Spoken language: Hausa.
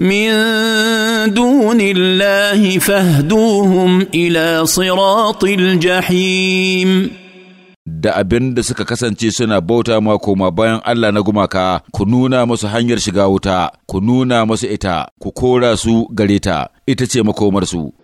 من دون الله فاهدوهم الى صراط الجحيم da abin da suka kasance suna bauta ma koma bayan Allah na gumaka, ku nuna masu hanyar shiga wuta, ku nuna masu ita, ku kora su gare ta, ita ce makomarsu.